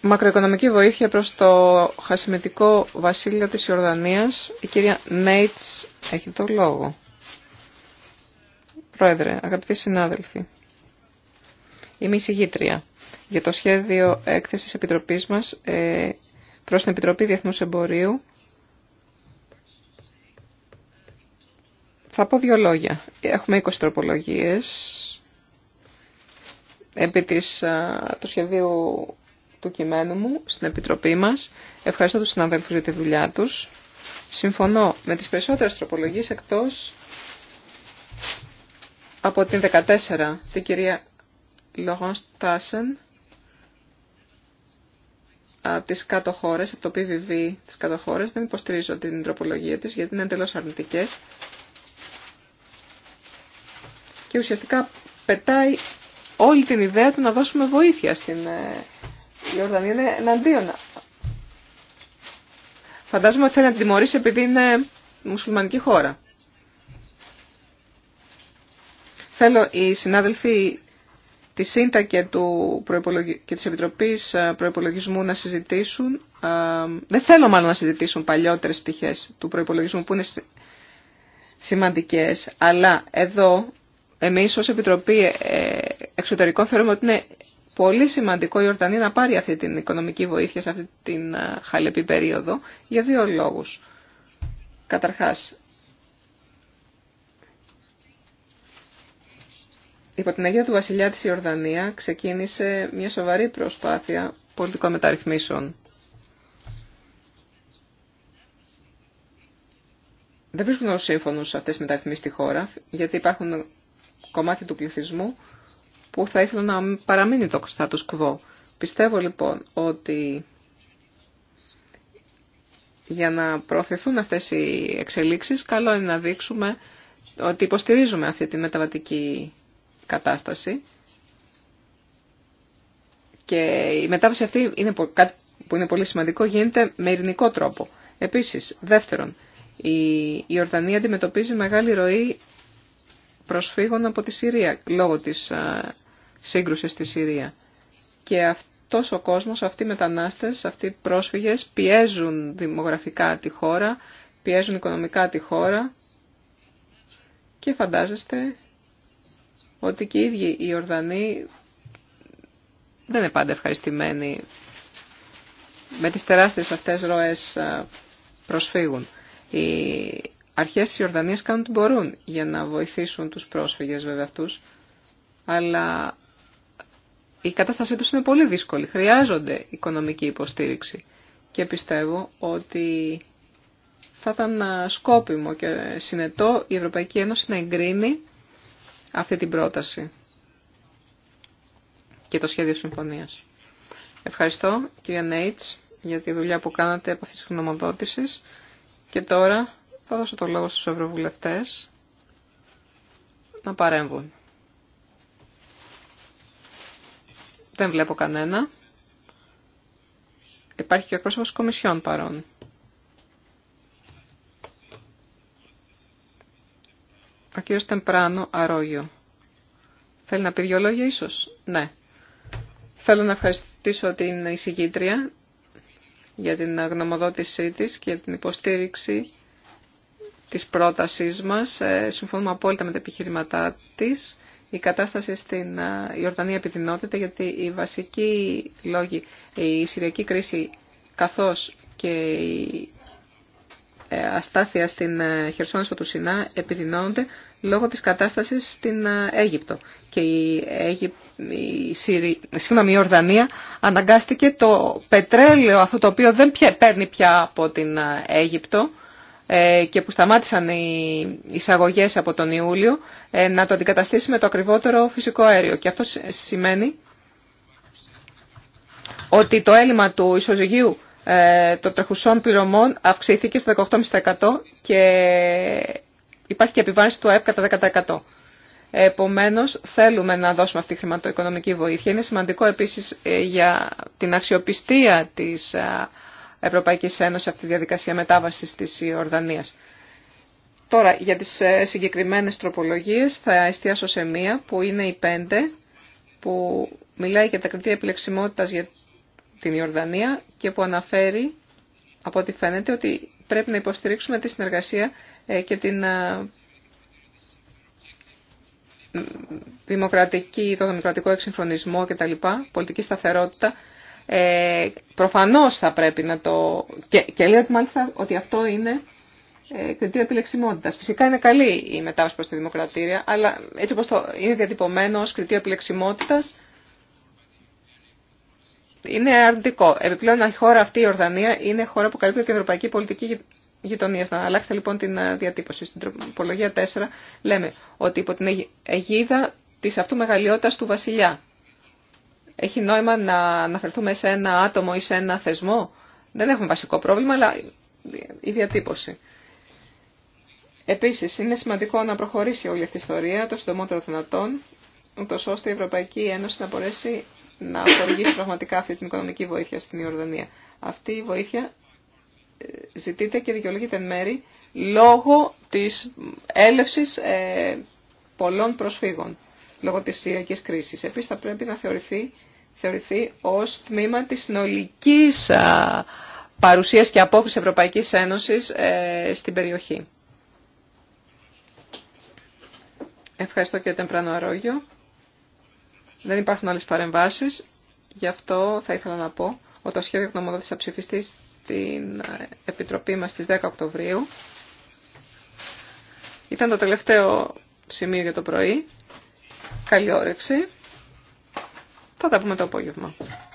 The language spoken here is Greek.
Μακροοικονομική βοήθεια προς το χασιμετικό βασίλειο της Ιορδανίας. Η κυρία Νέιτς έχει το λόγο. Πρόεδρε, αγαπητοί συνάδελφοι, είμαι συγγήτρια για το σχέδιο έκθεσης Επιτροπής μας ε, προς την Επιτροπή Διεθνούς Εμπορίου Θα πω δύο λόγια. Έχουμε 20 τροπολογίες επί της, του σχεδίου του κειμένου μου στην Επιτροπή μας. Ευχαριστώ τους συναδέλφους για τη δουλειά τους. Συμφωνώ με τις περισσότερες τροπολογίες εκτός από την 14, την κυρία Λογόν Τάσεν, από τις κάτω χώρες, από το PVV της κάτω χώρες. Δεν υποστηρίζω την τροπολογία της γιατί είναι εντελώς αρνητικές και ουσιαστικά πετάει όλη την ιδέα του να δώσουμε βοήθεια στην ε, Ιορδανία. Είναι εναντίον. Φαντάζομαι ότι θέλει να την τιμωρήσει επειδή είναι μουσουλμανική χώρα. Θέλω οι συνάδελφοι τη ΣΥΝΤΑ και, του προϋπολογι... και της Επιτροπής ε, Προϋπολογισμού να συζητήσουν, ε, δεν θέλω μάλλον να συζητήσουν παλιότερες πτυχές του προϋπολογισμού που είναι σημαντικές, αλλά εδώ εμείς ως Επιτροπή ε, Εξωτερικών θεωρούμε ότι είναι πολύ σημαντικό η Ορτανή να πάρει αυτή την οικονομική βοήθεια σε αυτή την ε, χαλεπή περίοδο για δύο λόγους. Καταρχάς, υπό την Αγία του Βασιλιά της Ιορδανία ξεκίνησε μια σοβαρή προσπάθεια πολιτικών μεταρρυθμίσεων. Δεν βρίσκουν όλους σε αυτές τις μεταρρυθμίσεις στη χώρα, γιατί υπάρχουν κομμάτι του πληθυσμού που θα ήθελα να παραμείνει το status quo. Πιστεύω λοιπόν ότι για να προωθηθούν αυτές οι εξελίξεις καλό είναι να δείξουμε ότι υποστηρίζουμε αυτή τη μεταβατική κατάσταση και η μετάβαση αυτή είναι κάτι που είναι πολύ σημαντικό, γίνεται με ειρηνικό τρόπο. Επίσης, δεύτερον, η Ιορδανία αντιμετωπίζει μεγάλη ροή προσφύγων από τη Συρία λόγω της σύγκρουσης στη Συρία. Και αυτός ο κόσμος, αυτοί οι μετανάστες, αυτοί οι πρόσφυγες πιέζουν δημογραφικά τη χώρα, πιέζουν οικονομικά τη χώρα και φαντάζεστε ότι και οι ίδιοι οι Ορδανοί δεν είναι πάντα ευχαριστημένοι με τις τεράστιες αυτές ροές προσφύγων αρχές της Ιορδανίας κάνουν ό,τι μπορούν για να βοηθήσουν τους πρόσφυγες βέβαια αυτούς, αλλά η κατάστασή τους είναι πολύ δύσκολη. Χρειάζονται οικονομική υποστήριξη και πιστεύω ότι θα ήταν σκόπιμο και συνετό η Ευρωπαϊκή Ένωση να εγκρίνει αυτή την πρόταση και το σχέδιο συμφωνίας. Ευχαριστώ κυρία Νέιτς για τη δουλειά που κάνατε από αυτής της και τώρα θα δώσω το λόγο στους ευρωβουλευτές να παρέμβουν. Δεν βλέπω κανένα. Υπάρχει και ο εκπρόσωπος Κομισιόν παρόν. Ο κύριος Τεμπράνο Αρόγιο. Θέλει να πει δυο λόγια ίσως. Ναι. Θέλω να ευχαριστήσω την εισηγήτρια για την γνωμοδότησή της και την υποστήριξη της πρότασής μας. Ε, συμφωνούμε απόλυτα με τα επιχειρηματά της. Η κατάσταση στην Ιορδανία ε, επιδεινώνεται γιατί η βασική λόγη η Συριακή κρίση καθώς και η ε, αστάθεια στην Χερσόνησο του Σινά επιδεινώνονται λόγω της κατάστασης στην Αίγυπτο. Και η, Αίγυπ... η, Συρι... Συγγνώμη, Ορδανία αναγκάστηκε το πετρέλαιο αυτό το οποίο δεν παίρνει πια από την Αίγυπτο ε, και που σταμάτησαν οι εισαγωγέ από τον Ιούλιο ε, να το αντικαταστήσει με το ακριβότερο φυσικό αέριο. Και αυτό σημαίνει ότι το έλλειμμα του ισοζυγίου ε, των τρεχουσών πληρωμών αυξήθηκε στο 18,5% και υπάρχει και επιβάρυνση του ΑΕΠ κατά 10%. Επομένω, θέλουμε να δώσουμε αυτή τη χρηματοοικονομική βοήθεια. Είναι σημαντικό επίση για την αξιοπιστία τη Ευρωπαϊκή Ένωση από τη διαδικασία μετάβασης της Ιορδανίας. Τώρα, για τις ε, συγκεκριμένες τροπολογίες θα εστιάσω σε μία που είναι η πέντε που μιλάει για τα κριτήρια επιλεξιμότητας για την Ιορδανία και που αναφέρει από ό,τι φαίνεται ότι πρέπει να υποστηρίξουμε τη συνεργασία ε, και την ε, δημοκρατική, το δημοκρατικό εξυγχρονισμό κτλ, πολιτική σταθερότητα ε, προφανώς θα πρέπει να το... Και, και λέω ότι μάλιστα ότι αυτό είναι ε, κριτήριο επιλεξιμότητα. Φυσικά είναι καλή η μετάβαση προ τη δημοκρατία, αλλά έτσι όπω το είναι διατυπωμένο ω κριτήριο επιλεξιμότητα, είναι αρνητικό. Επιπλέον, η χώρα αυτή, η Ορδανία, είναι χώρα που καλύπτει την ευρωπαϊκή πολιτική γειτονία. Να αλλάξετε λοιπόν την ε, διατύπωση. Στην τροπολογία 4 λέμε ότι υπό την αιγίδα τη αυτού μεγαλειότητα του βασιλιά. Έχει νόημα να αναφερθούμε σε ένα άτομο ή σε ένα θεσμό. Δεν έχουμε βασικό πρόβλημα, αλλά η διατύπωση. Επίσης, είναι σημαντικό να προχωρήσει όλη αυτή η ιστορία το συντομότερο δυνατόν, ούτως ώστε η Ευρωπαϊκή Ένωση να μπορέσει να χορηγήσει πραγματικά αυτή την οικονομική βοήθεια στην Ιορδανία. Αυτή η βοήθεια ε, ζητείται και δικαιολογείται εν μέρη λόγω της έλευσης ε, πολλών προσφύγων λόγω της Συριακής κρίσης. Επίσης θα πρέπει να θεωρηθεί, θεωρηθεί ως τμήμα της συνολικής παρουσίας και απόκρισης Ευρωπαϊκής Ένωσης ε, στην περιοχή. Ευχαριστώ κύριε Τεμπράνο Αρόγιο. Δεν υπάρχουν άλλες παρεμβάσεις. Γι' αυτό θα ήθελα να πω ότι το σχέδιο γνωμοδότης θα ψηφιστεί στην ε, Επιτροπή μας στις 10 Οκτωβρίου. Ήταν το τελευταίο σημείο για το πρωί. Καλή όρεξη. Θα τα πούμε το απόγευμα.